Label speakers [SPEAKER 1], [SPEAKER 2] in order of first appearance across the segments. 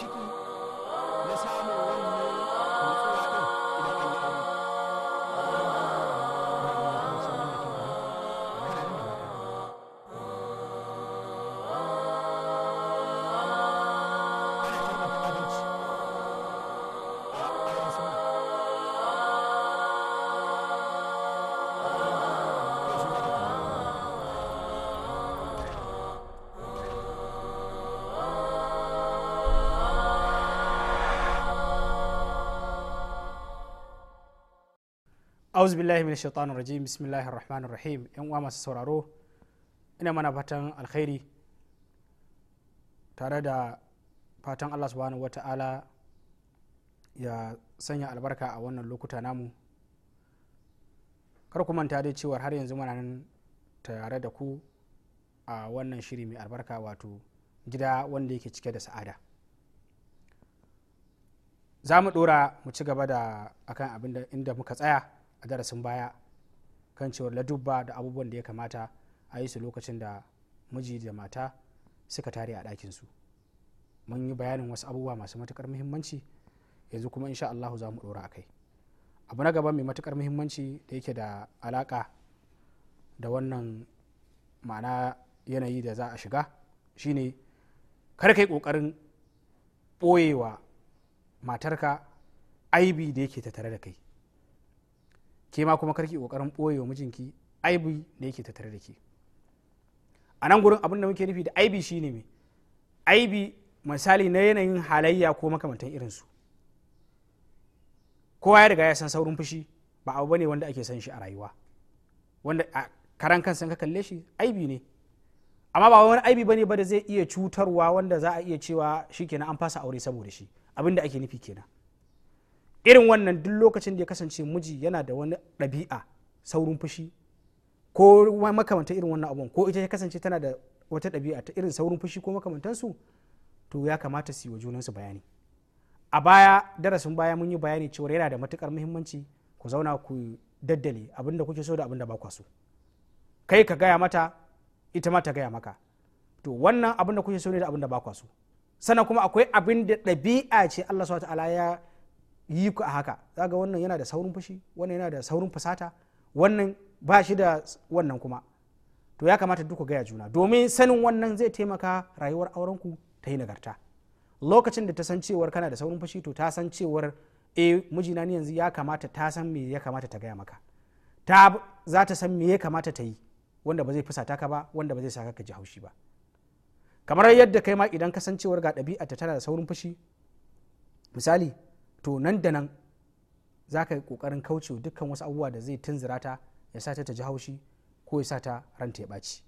[SPEAKER 1] 마시고 auzu billahi min shaitanun rajim bismillahir rahmanir rahim yan uwa masu sauraro ina mana fatan alkhairi tare da fatan Allah subhanahu wata'ala ya sanya albarka a wannan lokuta namu kar ku manta dai cewar har yanzu muna nan tare da ku a wannan shiri mai albarka wato gida wanda yake cike da sa'ada za mu dora mu ci gaba da akan abin da inda muka tsaya a darasin baya kan cewar ladubba da abubuwan da ya kamata a yi su lokacin da miji da mata suka tare a ɗakinsu mun yi bayanin wasu abubuwa masu matukar muhimmanci yanzu kuma insha Allahu za mu ɗora a kai abu na gaba mai matukar muhimmanci da yake da alaƙa da wannan ma'ana yanayi da za a shiga shine kar kai ƙoƙarin ɓoyewa matarka aibi da yake tattare da kai ke ma kuma karki kokarin boye wa mijinki aibi da yake tattare da ke a nan gurin abin da muke nufi da aibi shine me aibi misali na yanayin halayya ko makamantan irinsu kowa ya riga ya san saurin fushi ba abu bane wanda ake san shi a rayuwa wanda a karan kansa ka kalle shi aibi ne amma ba wani aibi bane ba da zai iya cutarwa wanda za a iya cewa shi shikenan an fasa aure saboda shi abin da ake nufi kenan irin wannan duk lokacin da ya kasance miji yana da wani ɗabi'a saurin fushi ko makamanta irin wannan abun ko ita ya kasance tana da wata ɗabi'a ta irin saurin fushi ko makamantansu to ya kamata su yi wa junansu bayani a baya darasin baya mun yi bayani cewa yana da matukar muhimmanci ku zauna ku daddale abin kuke so da abin ba ku so kai ka gaya mata ita ma ta gaya maka to wannan abin kuke so ne da abin ba ku so sannan kuma akwai abin da ɗabi'a ce Allah subhanahu wa ta'ala ya yi ku a haka ga wannan yana da saurin fushi wannan yana da saurin fusata wannan ba shi da wannan kuma to ya kamata duka gaya juna domin sanin wannan zai taimaka rayuwar aurenku ta yi nagarta lokacin da ta san cewar kana da saurin fushi to ta san cewar e mijina ni yanzu ya kamata ta san me ya kamata ta gaya maka ta za ta san me ya kamata ta yi wanda ba zai fusata ka ba wanda ba zai sa ka ji haushi ba kamar yadda kai ma idan ka san kasancewar ga ɗabi'a ta tana da saurin fushi misali to nan da nan za ka yi ƙoƙarin kaucewa dukkan wasu abubuwa da zai tunzura ta ya sa ta ji haushi ko ya sa ta ranta ya ɓaci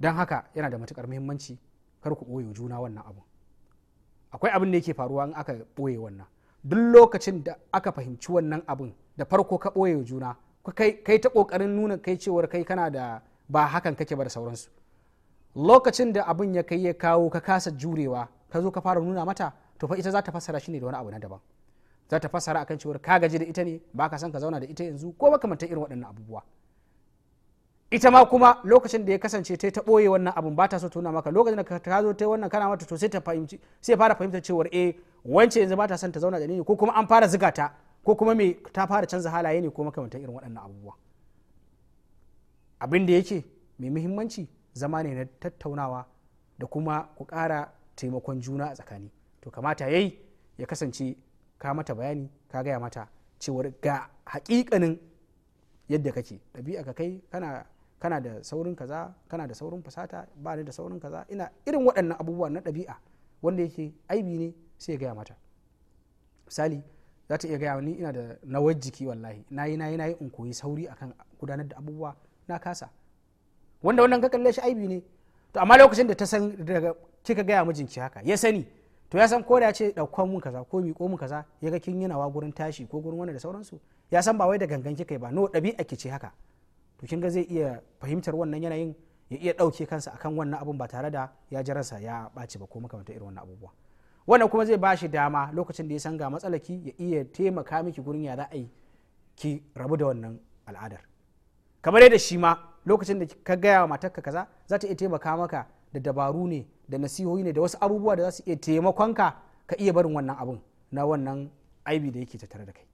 [SPEAKER 1] don haka yana da matukar muhimmanci kar ku ɓoye juna wannan abu akwai abin da yake faruwa in aka ɓoye wannan duk lokacin da aka fahimci wannan abin da farko ka ɓoye juna kai ta ƙoƙarin nuna kai cewar kai kana da ba hakan kake ba da sauransu lokacin da abin ya kai ya kawo ka kasa jurewa ka zo ka fara nuna mata to fa ita za ta fassara shi ne da wani abu na daban za ta fassara akan cewar ka gaji da ita ne ba ka san ka zauna da ita yanzu ko ta irin waɗannan abubuwa ita ma kuma lokacin da ya kasance ta ɓoye wannan abun ba ta so tuna maka lokacin da ka zo ta wannan kana mata to sai ta fahimci sai fara fahimtar cewar eh wance yanzu ba ta son ta zauna da ni ko kuma an fara ziga ta ko kuma me ta fara canza halaye ne ko makamantar irin waɗannan abubuwa abin da yake mai muhimmanci zama ne na tattaunawa da kuma ku kara taimakon juna a tsakani to kamata yayi ya kasance ka mata bayani ka gaya mata cewar ga hakikanin yadda kake ɗabi'a ka kai kana kana da saurin kaza kana da saurin fasata ba ni da saurin kaza ina irin waɗannan abubuwa na ɗabi'a wanda yake aibi ne sai ya gaya mata misali za ta iya gaya ni ina da nawar jiki wallahi na yi na yi in koyi sauri akan gudanar da abubuwa na kasa wanda wannan ka kalle shi aibi ne to amma lokacin da ta san daga kika gaya mijinki haka ya sani to ya san ko da ya ce mun kaza ko miƙo mun kaza ya ga kin nawa gurin tashi ko gurin wani da sauransu ya san ba wai da gangan kika ba no ɗabi'a ki ce haka to kin ga zai iya fahimtar wannan yanayin ya iya ɗauke kansa akan wannan abun ba tare da ya ji ransa ya ɓaci ba ko makamanta irin wannan abubuwa wannan kuma zai bashi dama lokacin da ya san ga matsalaki ya iya taimaka miki gurin ya za a yi ki rabu da wannan al'adar kamar yadda shi ma lokacin da ka gaya wa matarka kaza za ta iya taimaka maka da dabaru ne da nasihohi ne da wasu abubuwa da za su iya taimakonka ka iya barin wannan abun na wannan aibi da yake tattare da kai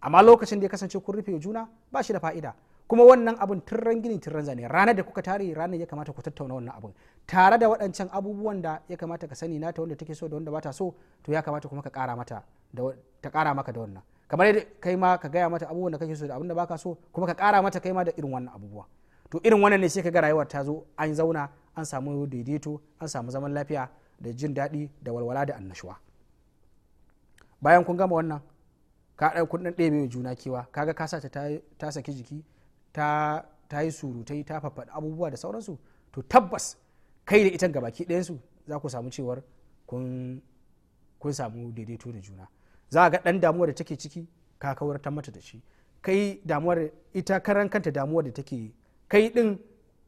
[SPEAKER 1] amma lokacin da ya kasance kun rufe juna ba shi da fa'ida kuma wannan abun tirran gini tirran zane ranar da kuka tare ranar ya kamata ku tattauna wannan abun tare da waɗancan abubuwan da ya kamata ka sani nata wanda take so da wanda bata so to ya kamata kuma ka kara mata da ta kara maka da wannan kamar yadda kai ma ka gaya mata abubuwan da kake so da abin da baka so kuma ka kara mata kai ma da irin wannan abubuwa to irin wannan ne sai ka ga rayuwar ta zo an zauna an samu daidaito an samu zaman lafiya da jin daɗi da walwala da annashuwa bayan kun gama wannan ka ɗan kun ɗebe juna kewa kaga ka sa ta saki jiki ta yi surutai ta faffaɗa abubuwa da sauransu to tabbas kai da ita gabaki ɗayansu za ku samu cewar kun samu daidaito da juna za a ga ɗan damuwa da take ciki ka kawar ta mata da shi kai damuwar ita karan kanta damuwar da take kai ɗin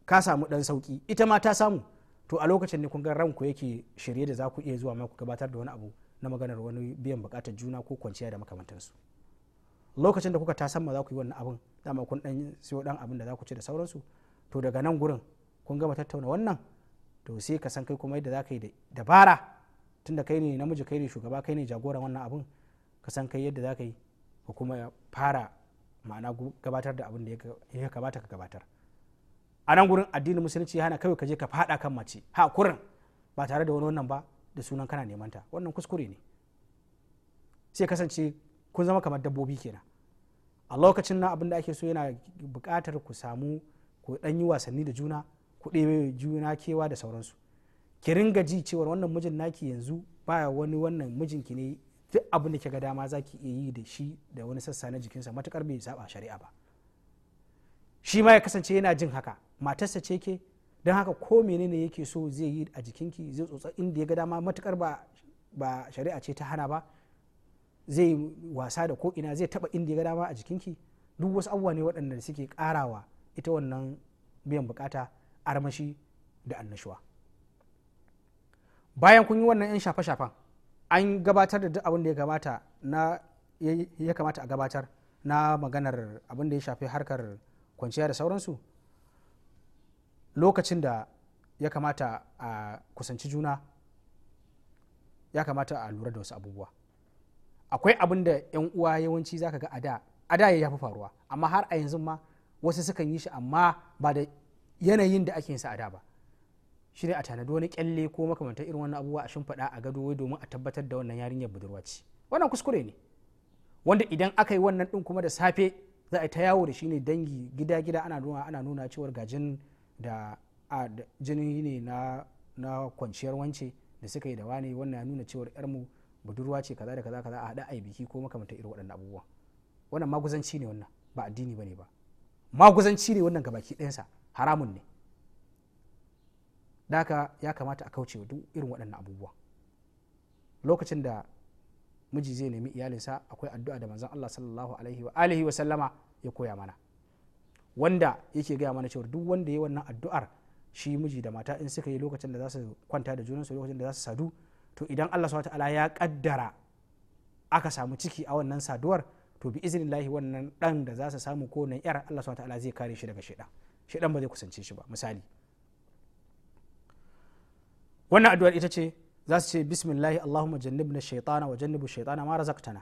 [SPEAKER 1] ka samu dan sauki ita ma ta samu to a lokacin ne kun ga ranku yake shirye da za ku iya zuwa ku gabatar da wani abu na maganar wani biyan bukatar juna ko kwanciya da makamantansu lokacin da kuka ta sama za ku yi wannan abin dama kun dan siyo dan abin da za ku ci da sauransu to daga nan gurin kun gama tattauna wannan to sai ka san kai kuma yadda za ka yi da dabara tunda kai ne namiji kai ne shugaba kai ne jagoran wannan abin ka san kai yadda za ka yi ka kuma fara ma'ana gabatar da abin da ya kamata ka gabatar a nan gurin addinin musulunci hana kawai ka je ka fada kan mace ha kurin ba tare da wani wannan ba da sunan kana neman ta wannan kuskure ne sai kasance kun zama kamar dabbobi kenan a lokacin nan abin da ake so yana buƙatar ku samu ku dan yi wasanni da juna ku ɗebe juna kewa da sauransu ki ringa ji cewa wannan mijin naki yanzu ba wani wannan mijinki ne duk abin da ga dama zaki iya yi da shi da wani sassa na jikinsa matukar bai saba shari'a ba shi ma ya kasance yana jin haka matarsa ce ke don haka ko menene yake so zai yi a jikinki zai tsotsa inda ya ga dama matukar ba shari'a ce ta hana ba zai wasa da ko ina zai taba inda ya ga dama a jikinki duk wasu abubuwa ne waɗanda suke karawa ita wannan biyan bukata armashi da annashuwa bayan kun yi wannan 'yan shafe-shafen an gabatar da duk abin da ya kamata ya kamata a gabatar na maganar abin da ya shafi harkar kwanciya da sauransu lokacin da ya kamata a kusanci juna ya kamata a lura da wasu abubuwa akwai abin da 'yan uwa yawanci zaka ga a da ya fi faruwa amma har a yanzu ma wasu sukan yi shi amma ba da yanayin da ake sa da ba shi ne a tanadi wani kyalle ko makamantar irin wannan abubuwa a shimfiɗa a gado domin a tabbatar da wannan yarinyar budurwa ce wannan kuskure ne wanda idan aka yi wannan ɗin kuma da safe za a ta yawo da shi ne dangi gida gida ana nuna ana nuna cewar ga jin da a jini ne na na kwanciyar wance da suka yi da wani wannan ya nuna cewar yar mu budurwa ce kaza da kaza kaza a hada ai biki ko makamantar irin waɗannan abubuwa wannan maguzanci ne wannan ba addini bane ba maguzanci ne wannan gabaki ɗayansa haramun ne daka ya kamata a kaucewa duk irin waɗannan abubuwa lokacin da miji zai nemi iyalinsa akwai addu'a da manzon Allah sallallahu alaihi wa alihi wa sallama ya koya mana wanda yake gaya mana cewa duk wanda ya wannan addu'ar shi miji da mata in suka yi lokacin da za su kwanta da junan su lokacin da za su sadu to idan Allah subhanahu ta'ala ya kaddara aka samu ciki a wannan saduwar to bi iznillahi wannan dan da za su samu ko nan yar Allah subhanahu ta'ala zai kare shi daga shedan shedan ba zai kusance shi ba misali wannan addu'ar ita ce za su ce bismillahi allahumma jannibna shaitana wa jannibu shaitana ma razaqtana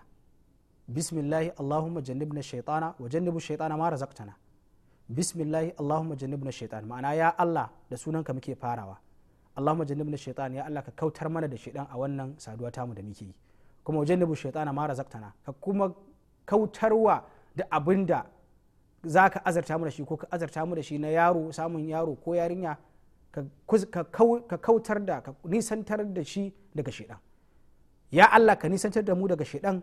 [SPEAKER 1] bismillahi allahumma jannibna shaitana wa jannibu shaitana ma razaqtana bismillahi allahumma jannibna shaitana ma'ana ya Allah da sunanka muke farawa allahumma jannibna shaitana ya Allah ka kautar mana da shaitan a wannan saduwa tamu da muke yi kuma jannibu shaitana ma razaqtana ka kuma kautarwa da abinda zaka azarta mu da shi ko ka azarta mu da shi na yaro samun yaro ko yarinya ka kautar da ka nisantar da shi daga shaidan ya Allah ka nisantar da mu daga shaidan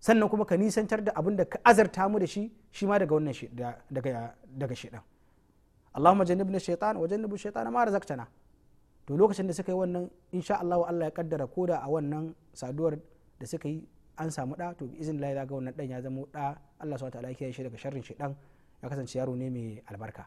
[SPEAKER 1] sannan kuma ka nisantar da abin da ka azarta mu da shi shi ma daga wannan daga shaidan Allahumma jannibna shaitan wa jannibu shaitana ma razaqtana to lokacin da suka yi wannan insha Allah Allah ya kaddara koda a wannan saduwar da suka yi an samu da to bi izin Allah ga wannan dan ya zama da Allah subhanahu wa ta'ala ya kiyaye shi daga sharrin shaidan ya kasance yaro ne mai albarka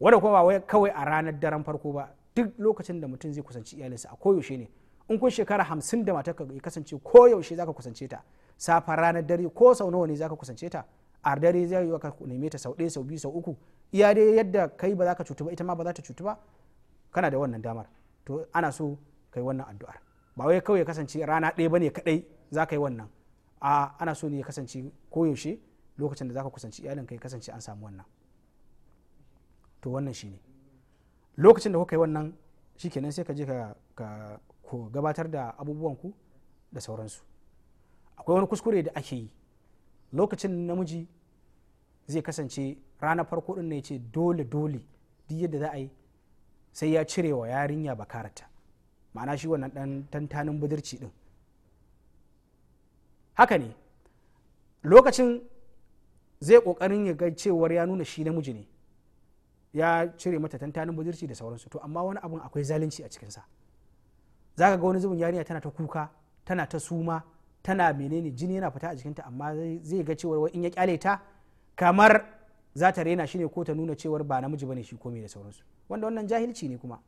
[SPEAKER 1] wadda kuma ba wai kawai a ranar daren farko ba duk lokacin da mutum zai kusanci iyalinsa a koyaushe ne in kun shekara hamsin da matar ka kasance koyaushe zaka kusance ta safa ranar dare ko sau nawa ne zaka kusance ta a dare zai yi ka neme ta sau ɗaya sau biyu sau uku iya dai yadda kai ba za ka cutu ba ita ma ba za ta cutu ba kana da wannan damar to ana so ka yi wannan addu'ar ba wai kawai ya kasance rana ɗaya bane kaɗai za ka yi wannan a ana so ne ya kasance koyaushe lokacin da za ka kusanci iyalin ka ya kasance an samu wannan to wannan shine lokacin da kuka yi wannan shikenan sai ka je ka ku gabatar da abubuwan ku da sauransu akwai wani kuskure da ake yi lokacin namiji zai kasance ranar farko din ne ce dole dole duk yadda za a yi sai ya cire wa yarinya bakarata ma'ana shi wannan dan tantanin budurci din haka ne lokacin zai kokarin ya ga cewar ya nuna shi namiji ne ya cire mata tantanin budurci da sauransu to amma wani abun akwai zalunci a cikinsa za ka ga wani zubin yarinya tana ta kuka tana ta suma tana menene jini yana fita a jikinta amma zai ga cewar in ya kyale ta kamar za ta rena shi ne ko ta nuna cewar ba namiji bane shi komai da sauransu wanda wannan jahilci ne kuma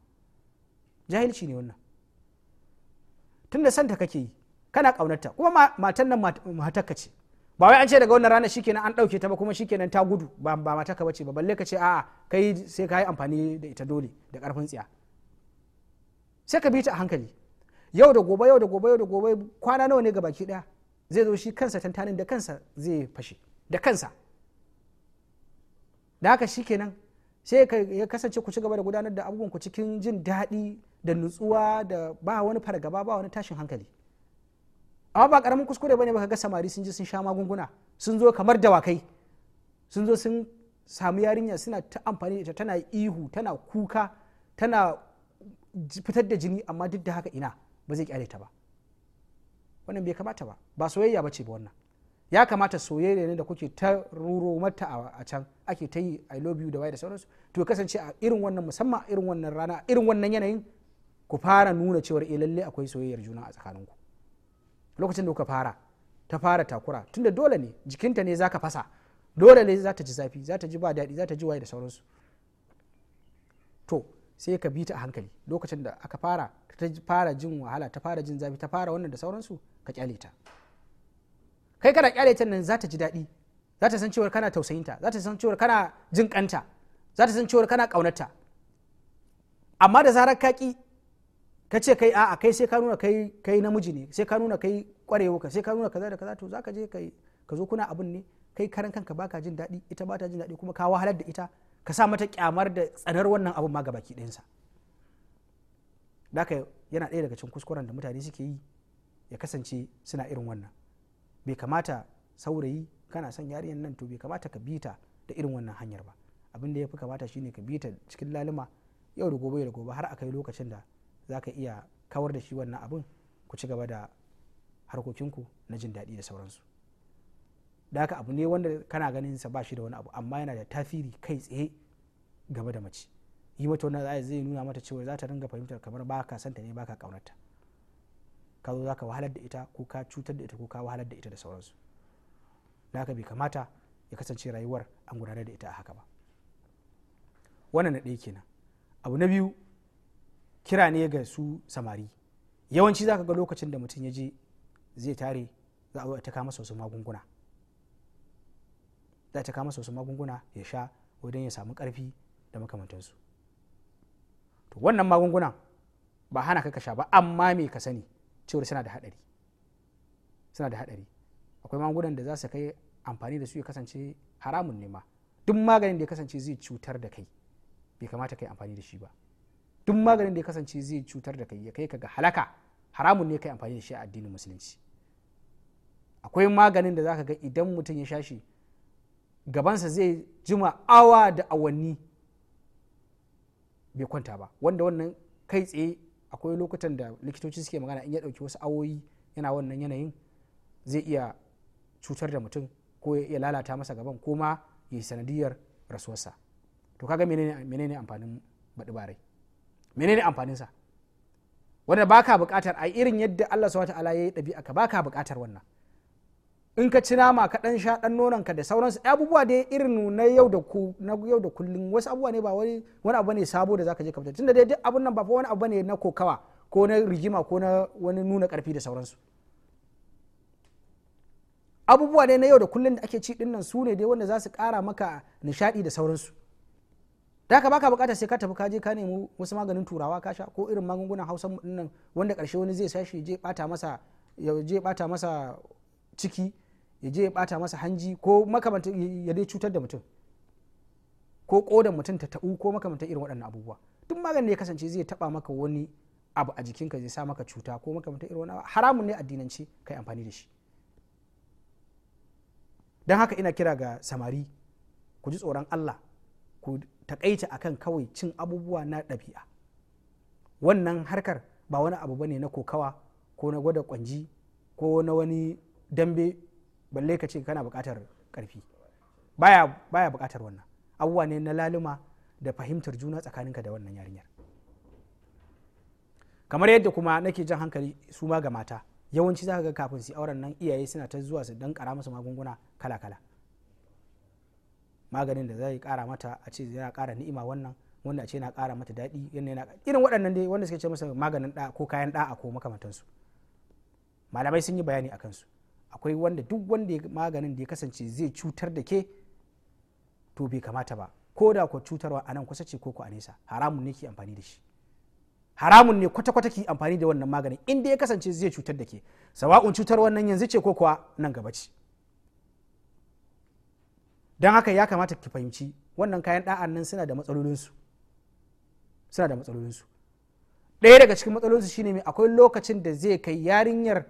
[SPEAKER 1] jahilci ne wannan tunda santa kake yi kana kaunarta kuma matan nan matarka ce ba wai an ce daga wannan rana shikenan an dauke ta ba kuma shikenan ta gudu ba ba mata ka bace ba balle ka ce a'a kai sai ka yi amfani da ita dole da karfin tsiya sai ka bi a hankali yau da gobe yau da gobe yau da gobe kwana nawa ne ga baki daya zai zo shi kansa tantanin da kansa zai fashe da kansa da haka shikenan sai ya kasance ku ci gaba da gudanar da abubuwan ku cikin jin daɗi da nutsuwa da ba wani fargaba ba wani tashin hankali amma ba karamin kuskure bane baka ga samari sun ji sun sha magunguna sun zo kamar dawakai sun zo sun samu yarinya suna ta amfani da ita tana ihu tana kuka tana fitar da jini amma duk da haka ina ba zai kyale ta ba wannan bai kamata ba ba soyayya ba ba wannan ya kamata soyayya ne da kuke ta ruro mata a can ake ta yi i love you da waye da sauransu to kasance a irin wannan musamman irin wannan rana irin wannan yanayin ku fara nuna cewar eh lalle akwai soyayyar juna a tsakaninku lokacin da kuka fara ta fara takura tunda dole ne jikinta ne zaka fasa dole ne za ta ji zafi za ta ji ba daɗi za ta ji waye da sauransu to sai ka bi ta a hankali lokacin da aka fara ta fara jin wahala ta fara jin zafi ta fara wannan da sauransu ka kyale ta kai kana kyale ta nan za ta ji daɗi za ta san cewar kana tausayinta za ta san cewar kana jin kanta za ta san cewar kana ta amma da zarar ka ka ce kai a'a kai sai ka nuna kai kai namiji ne sai ka nuna kai kwarewa ka sai ka nuna kaza da kaza to zaka je kai ka zo kuna abin ne kai karan kanka baka jin daɗi ita ba ta jin daɗi kuma ka wahalar da ita ka sa mata kyamar da tsanar wannan abun ma gabaki sa haka yana ɗaya daga cikin kuskuren da mutane suke yi ya kasance suna irin wannan bai kamata saurayi kana son yarinyar nan to bai kamata ka bita da irin wannan hanyar ba abin da ya fi kamata shine ka bita cikin lalima yau da gobe da gobe har a kai lokacin da za ka iya kawar da shi wannan abin ku ci gaba da harkokinku na jin daɗi da sauransu da haka abu ne wanda kana ganin sa ba shi da wani abu amma yana da tasiri kai tsaye gaba da mace yi mata wannan zai zai nuna mata cewa za ta ringa fahimtar kamar ba ka santa ne ba ka kaunarta ka zo za ka wahalar da ita ko ka cutar da ita ko ka wahalar da ita da sauransu da haka bai kamata ya kasance rayuwar an gudanar da ita a haka ba wannan na ɗaya kenan abu na biyu kira ne ga su samari yawanci za ka ga lokacin da mutum ya je zai tare za a taka masa wasu magunguna za taka masa wasu magunguna ya sha wajen ya samu karfi da makamantansu to wannan magungunan ba hana ka sha ba amma me ka sani cewar suna da hadari suna da hadari akwai magungunan da za su kai amfani da su ya kasance haramun ne ma duk maganin da ya kasance zai cutar da kai bai kamata yi amfani da shi ba duk maganin da ya kasance zai cutar da kai ya kai ga halaka haramun ne kai amfani da shi a addinin musulunci akwai maganin da zaka ga idan mutum ya sha shi gabansa zai jima awa da awanni bai kwanta ba wanda wannan kai tsaye akwai lokutan da likitoci suke magana in ya ɗauki wasu awoyi yana wannan yanayin zai iya cutar da mutum ko ya iya lalata masa gaban ko ma ya yi sanadiyar rasuwarsa to kaga menene amfanin baɗi barai menene amfaninsa wanda baka bukatar a irin yadda Allah subhanahu wataala ya yi ɗabi'a ka baka bukatar wannan in ka ci nama ka dan sha dan nonon ka da sauransu abubuwa dai irin na yau da ku na yau da kullun wasu abubuwa ne ba wani wani abu ne sabo da zaka je ka fita tunda dai duk abun nan ba fa wani abu ne na kokawa ko na rigima ko na wani nuna karfi da sauransu abubuwa ne na yau da kullun da ake ci dinnan su ne dai wanda za su kara maka nishadi da sauransu da ka baka bukata sai ka tafi ka je ka nemi wasu maganin turawa ka sha ko irin magungunan hausa nan wanda karshe wani zai sashi je bata masa ya je bata masa ciki ya je bata masa hanji ko makamantar ya dai cutar da mutum ko kodan mutum ta tabu ko makamantar irin waɗannan abubuwa duk maganin ya kasance zai taba maka wani abu a jikinka zai sa maka cuta ko makamantar irin wani haramun ne addinance kai amfani da shi dan haka ina kira ga samari ku ji tsoron Allah ku takaita akan kawai cin abubuwa na ɗabi'a wannan harkar ba wani abu bane na kokawa ko na gwada kwanji ko na wani dambe balle ka ce kana buƙatar ƙarfi baya buƙatar wannan abubuwa ne na laluma da fahimtar juna tsakaninka da wannan yarinyar kamar yadda kuma nake jan hankali suma ga mata yawanci za ka ga kafin su auren nan iyaye suna ta zuwa su dan kara musu magunguna kala kala maganin da zai kara mata a ce yana kara ni'ima wannan wanda a ce yana kara mata daɗi yana irin waɗannan dai wanda suke ce masa maganin da ko kayan da'a ko makamantansu malamai sun yi bayani a kansu akwai wanda duk wanda maganin da ya kasance zai cutar da ke to bai kamata ba ko da ku cutarwa a nan kusa ce ko ku a nesa haramun ne ki amfani da shi haramun ne kwata-kwata ki amfani da wannan maganin inda ya kasance zai cutar da ke sawa'un cutar wannan yanzu ce ko kuwa nan gaba ce don haka ya kamata ki fahimci wannan kayan da'an nan suna da matsalolinsu suna da matsalolinsu ɗaya daga cikin matsalolinsu shine mai akwai lokacin da zai kai yarinyar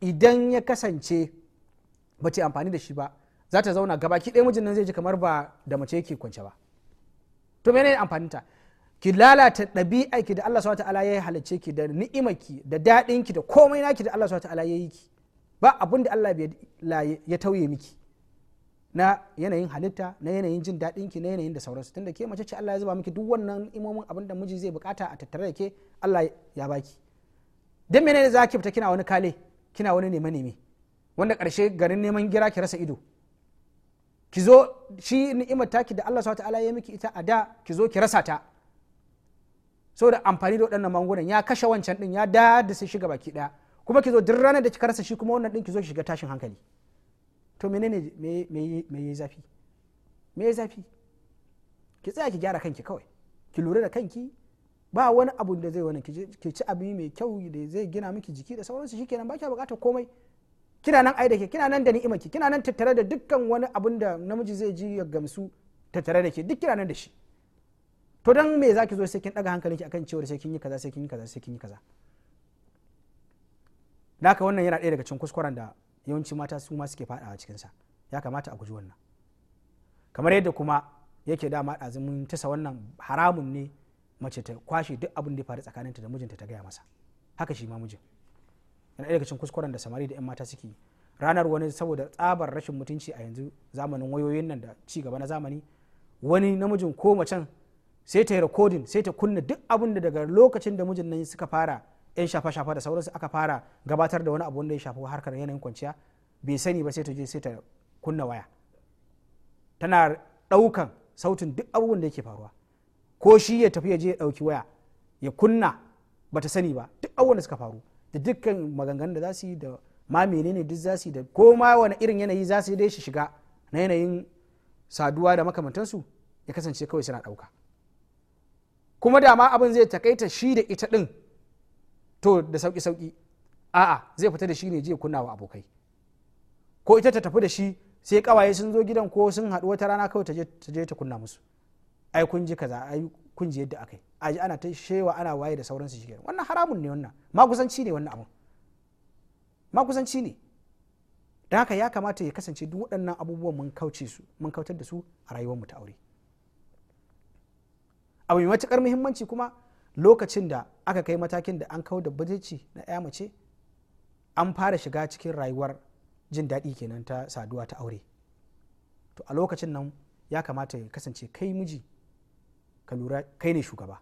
[SPEAKER 1] idan ya kasance ba amfani da shi ba za ta zauna gaba ki ɗaya mijin nan zai ji kamar ba da mace yake kwance ba to menene ta ki lalata ɗabi'a ki da Allah subhanahu ta'ala ya halicce ki da ki da daɗin ki da komai naki da Allah subhanahu ta'ala ya yi ki ba abin da Allah ya tauye miki na yanayin halitta na yanayin jin daɗin ki na yanayin da sauransu tunda ke mace ce Allah ya zuba miki duk wannan imomin abin da miji zai bukata a tattare da ke Allah ya baki dan menene za ki fita kina wani kale kina wani neman neme wanda karshe garin neman gira ki rasa ido ki zo shi ni'imar taki da Allah subhanahu ta'ala ya miki ita a da ki zo ki rasa ta saboda amfani da waɗannan magungunan ya kashe wancan din ya da da sai shiga baki daya kuma ki zo duk ranar da kika rasa shi kuma wannan din ki zo shiga tashin hankali to menene me yi zafi me yi zafi ki tsaya ki gyara kanki kawai ki lura da kanki ba wani abu da zai wani ki ci abu mai kyau da zai gina miki jiki da sauransu shi kenan ba ki bukatar komai kina nan ai da ke kina nan da ni'imarki kina nan tattare da dukkan wani abun da namiji zai ji ya gamsu tattare da ke duk kina nan da shi to dan me zaki zo sai kin daga hankalinki akan cewa sai kin yi kaza sai kin yi kaza sai kin yi kaza naka wannan yana ɗaya daga cikin kuskuren da yawanci mata su ma suke faɗawa cikinsa ya kamata a guji wannan kamar yadda kuma yake dama mun tasa wannan haramun ne mace ta kwashe duk abin da ya faru tsakaninta da mijinta ta gaya masa haka shi ma mijin yana ɗaya cikin kuskuren da samari da 'yan mata suke ranar wani saboda tsabar rashin mutunci a yanzu zamanin wayoyin nan da ci gaba na zamani wani namijin ko macen sai ta yi rekodin sai ta kunna duk abin da daga lokacin da mijin nan suka fara yan shafa-shafa da sauransu aka fara gabatar da wani abu wanda ya shafi harkar yanayin kwanciya bai sani ba sai ta je sai ta kunna waya tana ɗaukan sautin duk abubuwan da yake faruwa ko shi ya tafi ya je ya ɗauki waya ya kunna bata sani ba duk abubuwan da suka faru da dukkan maganganun da za su yi da ma menene duk za su yi da ko ma wani irin yanayi za su dai shi shiga na yanayin saduwa da makamantansu ya kasance kawai suna ɗauka kuma dama ma abin zai takaita shi da ita ɗin to da sauki sauki a'a zai fita da shi ne je kunna wa abokai ko ita ta tafi da shi sai kawaye sun zo gidan ko sun haɗu wata rana kawai ta je ta kunna musu ai kun ji kaza ai kun ji yadda akai aji ana ta shewa ana waye da sauransu shi wannan haramun ne wannan ma kusanci ne wannan abun kusanci ne don haka ya kamata ya kasance duk waɗannan abubuwan mun kauce su mun kautar da su a rayuwar mu ta aure abu mai matuƙar muhimmanci kuma lokacin da aka kai matakin da an kawo da budurci na ya mace an fara shiga cikin rayuwar jin daɗi kenan ta saduwa ta aure to a lokacin nan ya kamata ya kasance kai miji ka lura kai ne shugaba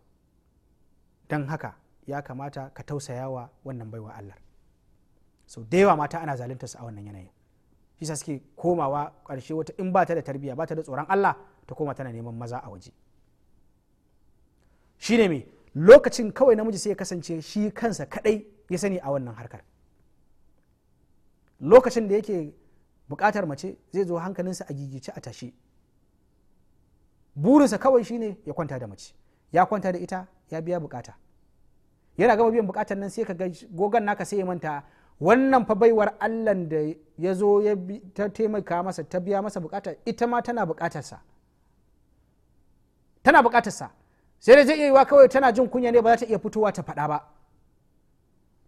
[SPEAKER 1] don haka ya kamata ka tausaya wa wannan baiwa allah sau da yawa mata ana zalunta su a wannan yanayin shi sa suke komawa ƙarshe wata in ba ta da tarbiyya ba ta da tsoron allah ta koma tana neman maza a waje shi ne me lokacin kawai namiji sai ya kasance shi kansa kadai ya sani a wannan harkar lokacin da yake bukatar mace zai zo hankalinsa a gigice a tashi burinsa kawai shine ya kwanta da mace ya kwanta da ita ya biya bukata yana gama biyan bukatar nan sai ka gogan naka sai ya manta wannan fa baiwar allan da ya zo ya ta taimaka masa ta biya masa bukata ita ma tana bukatarsa sai da zai iya yiwa kawai tana jin kunya ne ba za ta iya fitowa ta faɗa ba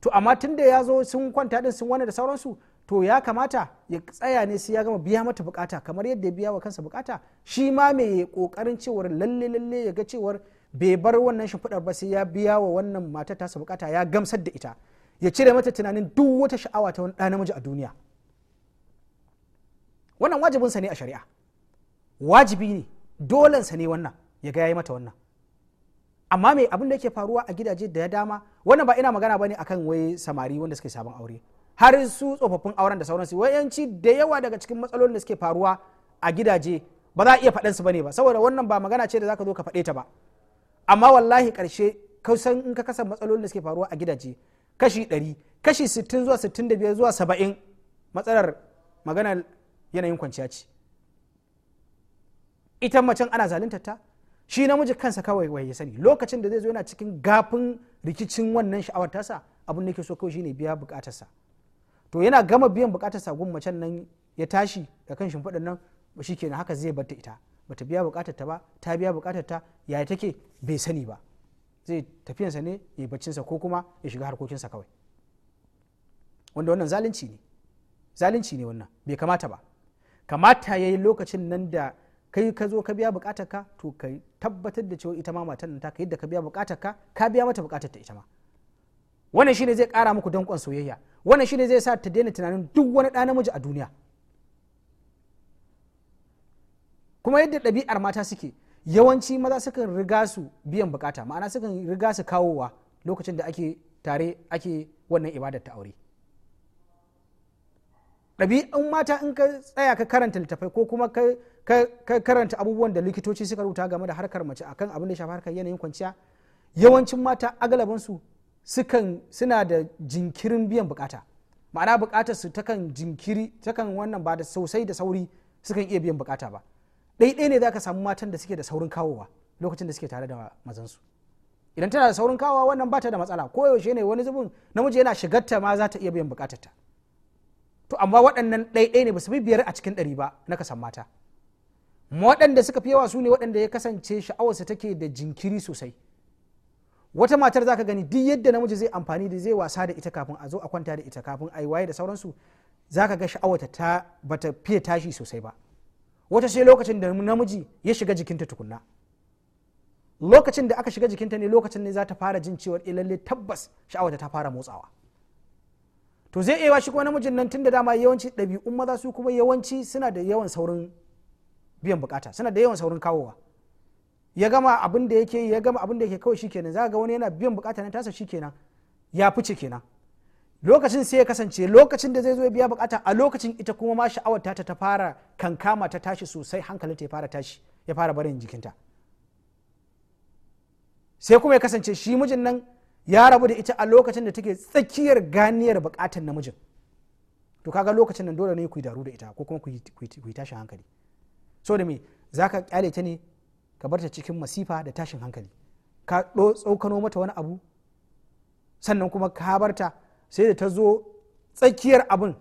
[SPEAKER 1] to amma tun da ya zo sun kwanta din sun wani da sauransu to ya kamata ya tsaya ne sai ya gama biya mata bukata kamar yadda ya biya wa kansa bukata shi ma mai kokarin cewar lalle lalle ya ga cewar bai bar wannan shimfiɗar ba sai ya biya wa wannan matar tasa bukata ya gamsar da ita ya cire mata tunanin duk wata sha'awa ta wani ɗa namiji a duniya wannan wajibinsa ne a shari'a wajibi ne dolensa ne wannan ya ga ya yi mata wannan amma me abin da yake faruwa a gidaje da ya dama wannan ba ina magana bane akan wai samari wanda suke sabon aure har su tsofaffin auren da sauransu wayanci da yawa daga cikin matsalolin da suke faruwa a gidaje ba za a iya faɗan su bane ba saboda wannan ba magana ce da zaka zo ka faɗe ta ba amma wallahi karshe kusan in ka kasa matsalolin da suke faruwa a gidaje kashi 100 kashi 60 zuwa 65 zuwa 70 matsalar maganar yanayin kwanciya ce ita macen ana zaluntar ta shi namiji kansa kawai wai ya sani lokacin da zai zo yana cikin gafin rikicin wannan sha'awar tasa abin da yake so kawai shine biya bukatarsa to yana gama biyan bukatarsa gun macen nan ya tashi da kan shimfiɗan nan shi kenan haka zai bar ta ita bata biya bukatar ta ba ta biya bukatar ta yaya take bai sani ba zai tafiyansa ne ya baccinsa ko kuma ya shiga harkokinsa kawai wanda wannan zalunci ne zalunci ne wannan bai kamata ba kamata ya yi lokacin nan da kai ka zo ka biya bukatar ka to ka tabbatar da cewa ita ma matar ta ka yadda ka biya bukatar ka ka biya mata bukatar ta ita ma wannan shine zai kara muku dankon soyayya wannan shine zai sa ta daina tunanin duk wani ɗa namiji a duniya kuma yadda ɗabi'ar mata suke yawanci maza sukan riga su biyan bukata ma'ana sukan riga su kawowa lokacin da ake tare ake wannan ibadar ta aure ɗabi'un mata in ka tsaya ka karanta littafai ko kuma ka karanta abubuwan da likitoci suka rubuta game da harkar mace akan abin da shafi harkar yanayin kwanciya yawancin mata agalabansu sukan suna da jinkirin biyan bukata ma'ana bukatar su takan jinkiri takan wannan ba da sosai da sauri sukan iya biyan bukata ba ɗaiɗai ne zaka samu matan da suke da saurin kawowa lokacin da suke tare da mazansu idan tana da saurin kawowa wannan ba ta da matsala koyaushe yaushe ne wani zubin namiji yana ta ma za ta iya biyan bukatarta ta to amma waɗannan ɗaiɗai ne ba su bi biyar a cikin ɗari ba na kasan mata waɗanda suka fi yawa su ne waɗanda ya kasance sha'awarsa take da jinkiri sosai wata matar zaka gani duk yadda namiji zai amfani da zai wasa da ita kafin a zo a kwanta da ita kafin a yi waye da sauransu zaka ga sha'awarta ta bata fiye tashi sosai ba wata sai lokacin da namiji ya shiga jikinta tukunna lokacin da aka shiga jikinta ne lokacin ne za ta fara jin cewa eh, lalle tabbas sha'awarta ta fara motsawa to zai iya shi kuma namijin nan tun da dama yawanci ɗabi'un maza su kuma yawanci suna da yawan saurin biyan bukata suna da yawan saurin kawowa ya gama abin da yake ya gama abin da yake kawai shikenan za ga wani yana biyan bukata na tasa shikenan ya fice kenan lokacin sai ya kasance lokacin da zai zo ya biya bukata a lokacin ita kuma ma sha'awar ta ta fara kankama ta tashi sosai ta ya fara tashi ya fara barin jikinta sai kuma ya kasance shi mijin nan ya rabu da ita a lokacin da take tsakiyar ganiyar bukatar namijin to kaga lokacin nan dole ne ku yi daru da ita ko kuma ku yi tashin hankali so da me za ka kyale ta ne ka bar ta cikin masifa da tashin hankali ka tsokano mata wani abu sannan kuma ka bar ta sai da ta zo tsakiyar abun.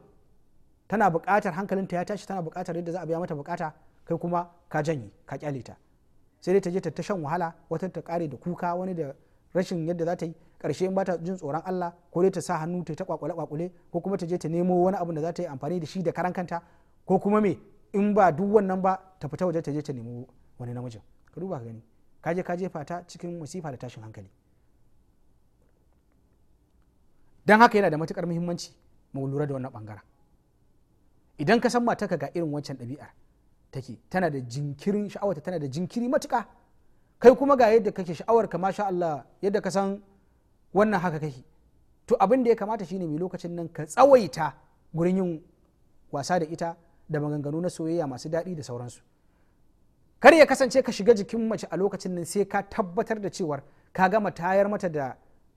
[SPEAKER 1] tana buƙatar ta ya tashi tana bukatar yadda za a biya mata buƙata kai kuma ka janye ka kyale ta sai dai ta je ta shan wahala wata ta kare da kuka wani da rashin yadda za ta yi karshe in bata jin tsoron Allah ko dai ta sa hannu ta kwakwale kwakwale ko kuma ta je ta nemo wani abu da za ta yi amfani da shi da karan kanta ko kuma me in ba duk wannan ba ta fita waje ta je ta nemo wani namijin ka duba ka gani ka je ka jefa ta cikin musifa da tashin hankali dan haka yana da matukar muhimmanci mu lura da wannan bangaren idan ka san ka ga irin wancan ɗabi'ar take tana da jinkirin sha'awata tana da jinkiri matuka kai kuma ga yadda kake sha'awar ka masha Allah yadda ka san wannan haka kake to abin da ya kamata shine mai lokacin nan ka tsawaita gurin yin wasa da ita da maganganu na soyayya masu daɗi da sauransu kar ya kasance ka shiga jikin mace a lokacin nan sai ka tabbatar da cewar ka gama tayar mata da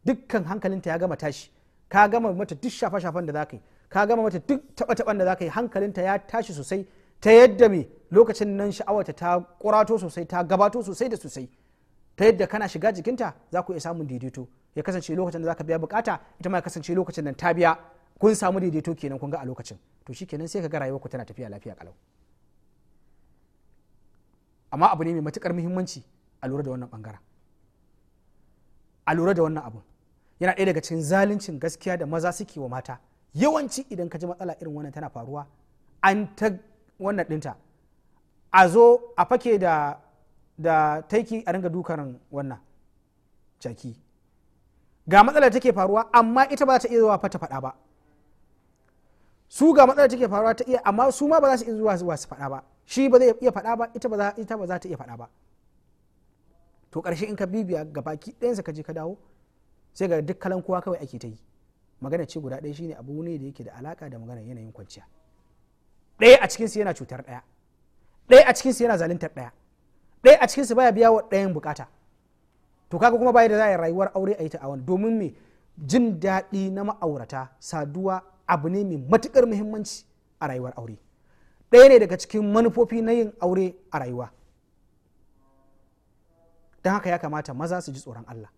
[SPEAKER 1] dukkan hankalinta ya gama tashi ka gama mata duk shafe-shafen da za ka yi ka gama mata duk taɓa-taɓan da zaka ka yi hankalinta ya tashi sosai ta yadda me lokacin nan sha'awarta ta kurato sosai ta gabato sosai da sosai ta yadda kana shiga jikinta za ku iya samun daidaito ya kasance lokacin da zaka biya bukata ita ma ya kasance lokacin nan ta biya kun samu daidaito kenan kun ga a lokacin to shi kenan sai ka ga ku tana tafiya lafiya kalau amma abu ne mai matukar muhimmanci a lura da wannan bangaren a lura da wannan abun yana ɗaya daga cikin zaluncin gaskiya da maza suke wa mata yawanci idan ka ji matsala irin wannan tana faruwa an ta wannan ɗinta a zo a fake da da taiki a ringa dukan wannan jaki ga matsalar take faruwa amma ita ba ta iya zuwa fata faɗa ba su ga matsalar take faruwa ta iya amma su ma ba za su iya zuwa su faɗa ba shi ba zai iya faɗa ba ita ba za ta iya fada ba to ƙarshe in ka bibiya ga baki ɗayansa ka je ka dawo sai ga duk kalan kowa kawai ake ta yi magana ce guda ɗaya shine abu ne da yake da alaka da magana yanayin kwanciya ɗaya a cikinsu yana cutar ɗaya ɗaya a cikinsu yana zaluntar ɗaya ɗaya a cikinsu baya biya wa ɗayan bukata to kaga kuma bai da za a rayuwar aure a yi ta a domin me jin daɗi na ma'aurata saduwa abu ne mai matukar muhimmanci a rayuwar aure ɗaya ne daga cikin manufofi na yin aure a rayuwa don haka ya kamata maza su ji tsoron Allah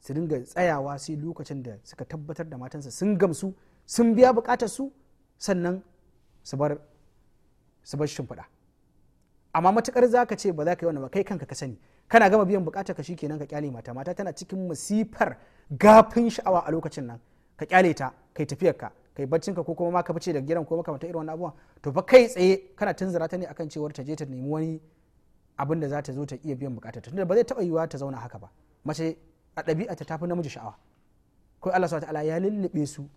[SPEAKER 1] su dinga tsayawa sai lokacin da suka tabbatar da matansa sun gamsu sun biya bukatar su sannan su bar shimfiɗa amma matukar za ka ce ba za ka yi wani ba kai kanka ka sani kana gama biyan bukatar ka shikenan ka kyale mata mata tana cikin masifar gafin sha'awa a lokacin nan ka kyale ta kai tafiyar ka kai baccin ka ko kuma ma ka fice daga gidan ko makamanta irin wannan abubuwan to fa kai tsaye kana tunzura ta ne akan cewar ta je ta nemi wani abin da za ta zo ta iya biyan bukatar ta tunda ba zai taba yiwuwa ta zauna haka ba mace a ɗabi'a ta tafi namiji sha'awa ko Allah subhanahu ta'ala ya lullube su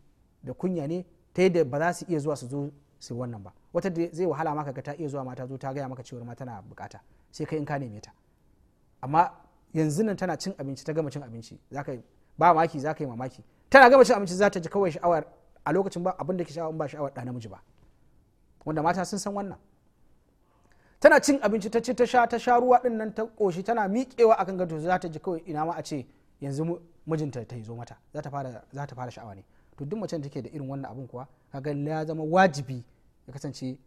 [SPEAKER 1] da kunya ne ta yadda ba za su iya zuwa su zo su wannan ba wata zai wahala maka ga ta iya zuwa mata zo ta gaya maka cewar ma tana bukata sai kai in ka neme ta amma yanzu nan tana cin abinci ta gama cin abinci zaka ba maki zaka yi mamaki tana gama cin abinci za ta ji kawai sha'awar a lokacin ba abin da ke sha'awar ba sha'awar da namiji ba wanda mata sun san wannan tana cin abinci ta ci ta sha ta sha ruwa din nan ta koshi tana miƙewa akan gado za ta ji kawai ina ma a ce yanzu mijinta ta zo mata za ta fara za ta fara sha'awa ne to duk macen da take da irin wannan abin kuwa kaga ya zama wajibi ya kasance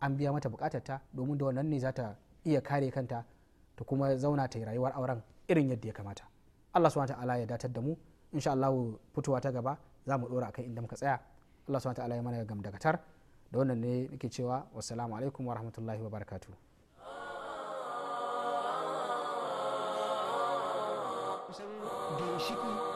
[SPEAKER 1] an biya mata bukatar ta domin da wannan ne za ta iya kare kanta ta kuma zauna ta yi rayuwar auren irin yadda ya kamata Allah subhanahu ta'ala ya datar da mu insha Allah fitowa ta gaba za mu dora akan inda muka tsaya Allah subhanahu ta'ala ya mana gam da gatar. Da wannan ne nake cewa wassalamu alaikum wa rahmatullahi wa barakatu. ginshiki